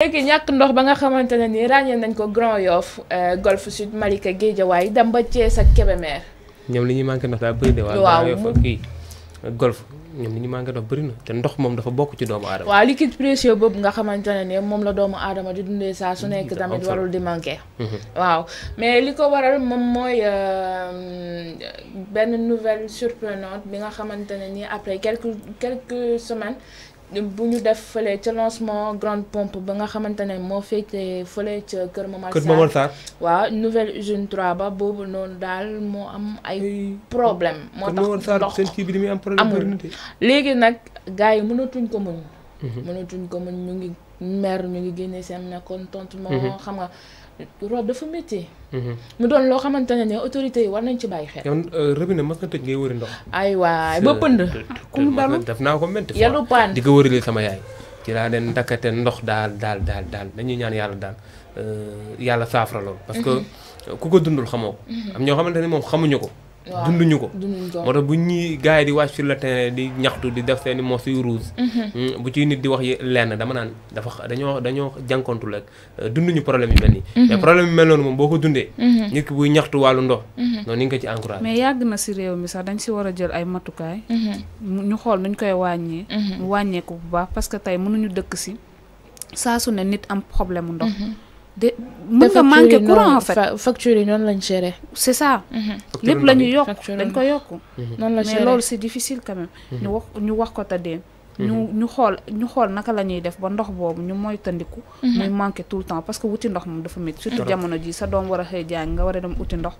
léegi ñàkk ndox ba nga xamante ne nii ràññee nañ ko Grand Yoff euh, Golf Sud Malika Guédiawaye dem ba Thiès ak Kébémer. ñoom li ñuy manqué ndox daa bëri de. waaw Grand Golf ñoom li ñuy manqué ndox bëri na te ndox moom dafa bokk ci doomu aadama. waaw liquide précieux boobu nga xamante ne nii moom la doomu aadama di dundee saa su nekk tamit warul di manqué. Mhm. waaw mais li ko waral moom mooy euh, benn nouvelle surprenante bi nga xamante ne nii après quelques quelques semaines. bu ñu def fële ca lancement grande pompe ba nga xamante ne moo féetee fële ca Kër Momar Sarr Kër Momar Sarr waaw nouvelle usine 3 ba boobu noonu daal moo am ay problème moo tax ndox seen kii bi di muy am problème amul léegi nag gars yi mënatuñ ko muñ mhm. mënatuñ ko muñ mu ngi mer ñu ngi génnee seen na contentement mhm. xam nga root dafa métti. Mhm. mu doon loo xamante ne ne autorités yi war nañ ci bàyyi xel. yow euh, robinet mas nga tëj ngay wëri ndox. ay waay ba pënd. ku mu dalu def naa ko métti. yalu paan di ko wërili sama yaay. ci laa leen ndakkate ndox daal daal daal daal dañuy ñaan yàlla daal euh, yàlla saafara loolu. parce que mhm. ku ko dundul xamoo ko. am ñoo xamante ne moom xamuñu ko. dunduñu ko moo tax bu ñii gars di wàcc sur le terrain di ñaxtu di def seeni morceau yu rouge mhm. mm, bu ciy nit di wax lenn dama naan dafa dañoo dañoo jànkontul ak euh, dunduñu problème yu mel nii mhm. mais problème yu mel moom boo ko dundee mhm. nit ki buy ñaxtu wàllu ndox noonu ni nga ko ci encouragé mais yàgg na si réew mi sax dañ si war a jël ay matukaay ñu xool nuñ koy wàññee mu wàññeeku bu baax parce que tey mënuñu dëkk si saa su ne nit am problème ndox de mën nga manqué courant en fait facture yi noonu lañ géré c'est ça mhm. lépp la ñu yokk dañ ko yokk mhm. noonu la mais loolu c'est difficile quand même mhm. ñu wax ñu wax ko tëddee ñu ñu xool ñu xool naka la ñuy def ba ndox boobu ñu mooy tandiku muy manqué tout le temps parce que wuti ndox moom dafa métti surtout jamono ji sa doom war a xëy jàng nga war a dem uti ndox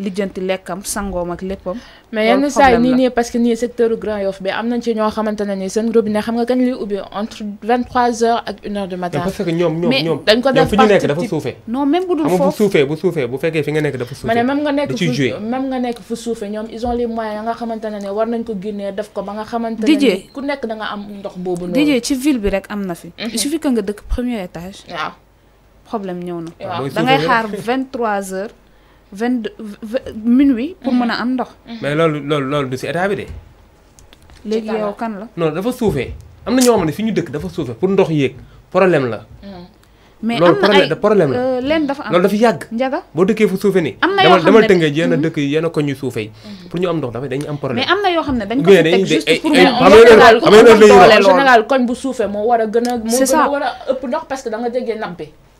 lijjanti lekkam sangoom ak léppam mais yenn saa yi nii nii parce que nii secteur Grand Yoff bi am nañ ci ñoo xamante ne nii seen robinet xam nga kañ lay ubbi entre vingt trois heures ak une heure du matin parce que ñoom ñoom ñoom dañ ko def fi ñu nekk dafa suufee non même bu dul foofu bu suufee bu suufee bu fekkee fi nga nekk dafa suufee ma même nga nekk fu même nga nekk fu suufee ñoom ils ont les moyens nga xamante ne war nañ ko génnee def ko ba nga xamante ne ku nekk da nga am ndox boobu noonu dijee ci ville bi rek am na fi mhm. il suffit que nga dëkk premier étage waaw problème ñëw na da ngay xaar vingt trois heures vingt minuit pour mën a am ndox. Mm-hmm. mais loolu loolu loolu du si état bi de. léegi yow kan la. non dafa suufee am na ñoo xam ne fi ñu dëkk dafa suufe pour ndox yéeg problème la. Mm-hmm. mais am na ay problème la euh, leen dafa am loolu dafa yàgg. njaga boo dëkkee fu suufe ni am na yoo xam ne dama tënkee yenn mm-hmm. dëkk yenn ko ñu ñu am ndox dafa dañuy am problème. mais am na yoo xam ne dañ ko teg juste pour. mu eh, eh, am koñ bu suufee moo war a gën a. moo gën a war a ëpp ndox parce que da nga déggee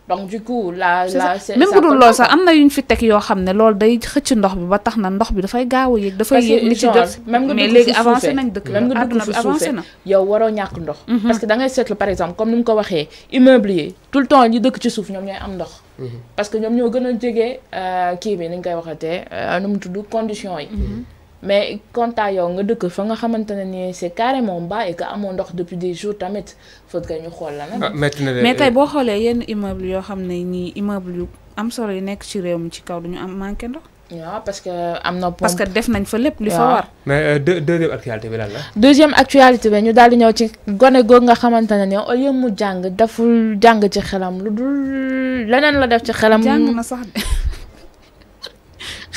donc du coup la la même bu dul loolu sax am na yu ñu fi teg yoo xam ne loolu day xëcc ndox bi ba tax na ndox bi dafay gaaw a yéeg dafay yéeg li ci jot mais léegi avancé nañ dëkk même nga dugg fu avancé na yow waroo ñàkk ndox mhm. parce que da ngay seetlu par exemple comme ni mu ko waxee immeuble yi tout le temps ñi dëkk ci suuf ñoom ñooy am ndox mhm. parce que ñoom ñoo gën a jege euh, kii bi ni ñu koy waxatee euh, nu mu tudd condition yi mhm. mais kontaan yo nga deuk fa nga xamante ni c'est carrément bas et que amoo ndox depuis des jours tamit faudrait ñu xol la ah, mais tay bo xolé yenn immeuble yo xamné ni immeuble yu am solo yu nekk ci réew mi ci kaw duñu am manqué ndox. waaw parce que am na. parce que def nañ fa lepp li fa war. mais euh, deuxième actualité bi lan la. deuxième actualité bi ñu dal di ñëw ci gone googu nga xamante ni nii au lieu mu jàng daful jang ci xelam lu dul leneen la def ci xelam. jang na sax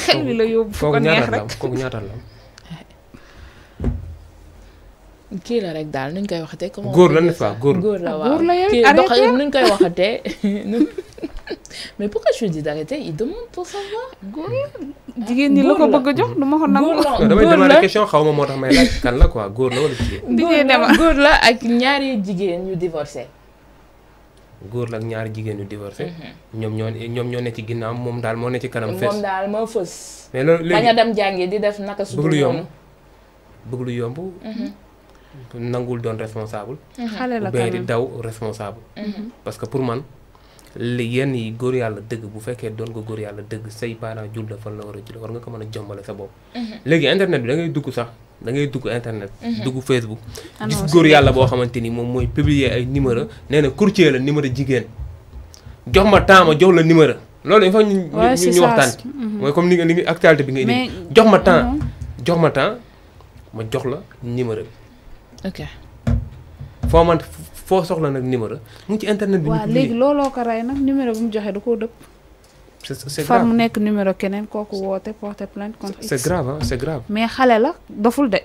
xel mi la yóbbu. foo ko neex rek kii la rek daal nuñ koy waxatee. comment góor la n'est-ce góor góor la waaw góor la koy waxatee. mais pourquoi je dis d'arrêter il ah, jigéen ñi la ko bëgg a jox du ma ko nangu. góor la damay demander xaw ma moo tax may laaj kan la quoi góor la wala jigéen. góor la góor la ak ñaari jigéen ñu divorcé. góor la ak ñaari jigéen ñu mhm. ñoom ñoo ñoom ñoo ne ci ginnaaw moom daal moo ne ci kanam. fees moom daal moo fës. mais loolu léegi dem jàngi di def naka su dul yomb bëgg lu yomb. Mhm. nangul doon responsable. Mhm. xale la di que pour man li yenn yi dëgg bu fekkee doon nga góor yàlla dëgg say parents jur la fan la war nga ko mën a jombale sa bopp. léegi internet bi da dugg sax. da ngay dugg internet. Mhm. dugg Facebook. Ah gis góor yàlla boo xamante ni moom mooy publier ay numéro nee na courtier la numéro jigéen jox ma temps ma jox la numéro. loolu il faut waxtaan ci. Mhm. mooy comme ni nga ni actualité bi nga indi. jox ma temps jox ma temps ma jox la numéro bi. ok foo man foo soxla nag numéro mu ci internet bi. waaw léegi looloo ko rey nag numéro bi mu joxe da koo dëpp. c'est far mu nekk numéro kenen kooku wote porter plainte contre c'est grave hein c'est grave mais xalé la doful de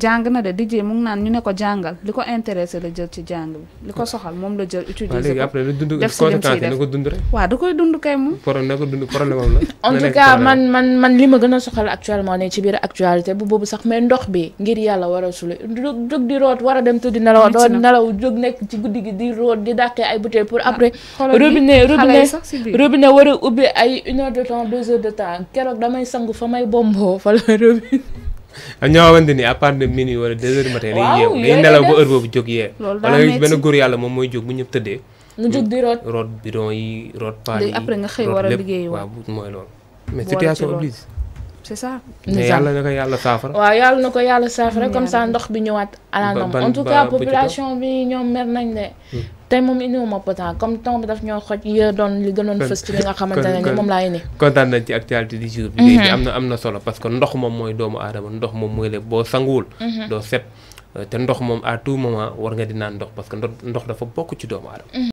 jàng na de DJ mu naan ñu ne ko jàngal li ko intéressé la jël ci jàng bi li ko ah. soxal moom la jël utiliser ko def si lim siy def waaw da koy dund kay moom en tout man man man li ma gën a soxal actuellement ne ci biir actualité bu boobu sax mais ndox bi ngir yàlla war a sule jóg di root war a dem tuddi nelaw doo nelaw jóg nekk ci guddi gi di root di dàqee ay bouteille pour ah, après robinet robinet robinet war a ubbi ay une heure de temps deux heures de temps keroog damay sangu fa may bomboo fa la robinet am ñoo xamante ni à part de minuit wala deux heures du matin. waaw yooyu day yeew day nelaw ba heure boobu jóg yee. wala benn góor yàlla moom mooy jóg bu ñëpp tëddee. mu jóg di root root bidon yi root paan yi. après nga xëy war a liggéey waaw mooy loolu. mais situation oblige. c'est ça. mais yàlla na ko yàlla saafara. waaw yàlla na ko yàlla saafara mm. comme ça ndox bi ñëwaat. à la norme en tout cas population bi ñoom mer nañ de. Mm. tey moom indiwuma potent comme temps bi daf ñoo xoj yë doon li gënoon fës ci li nga xamante ne moom laa indi kontaan nañ ci actualité du jour bi mhm. am na am na solo parce que ndox moom mooy doomu aadama ndox moom mooy lépp boo sanguwul mhm. doo set te ndox moom à tout moment war nga di naan ndox parce que ndox dafa bokk ci doomu aadama mhm.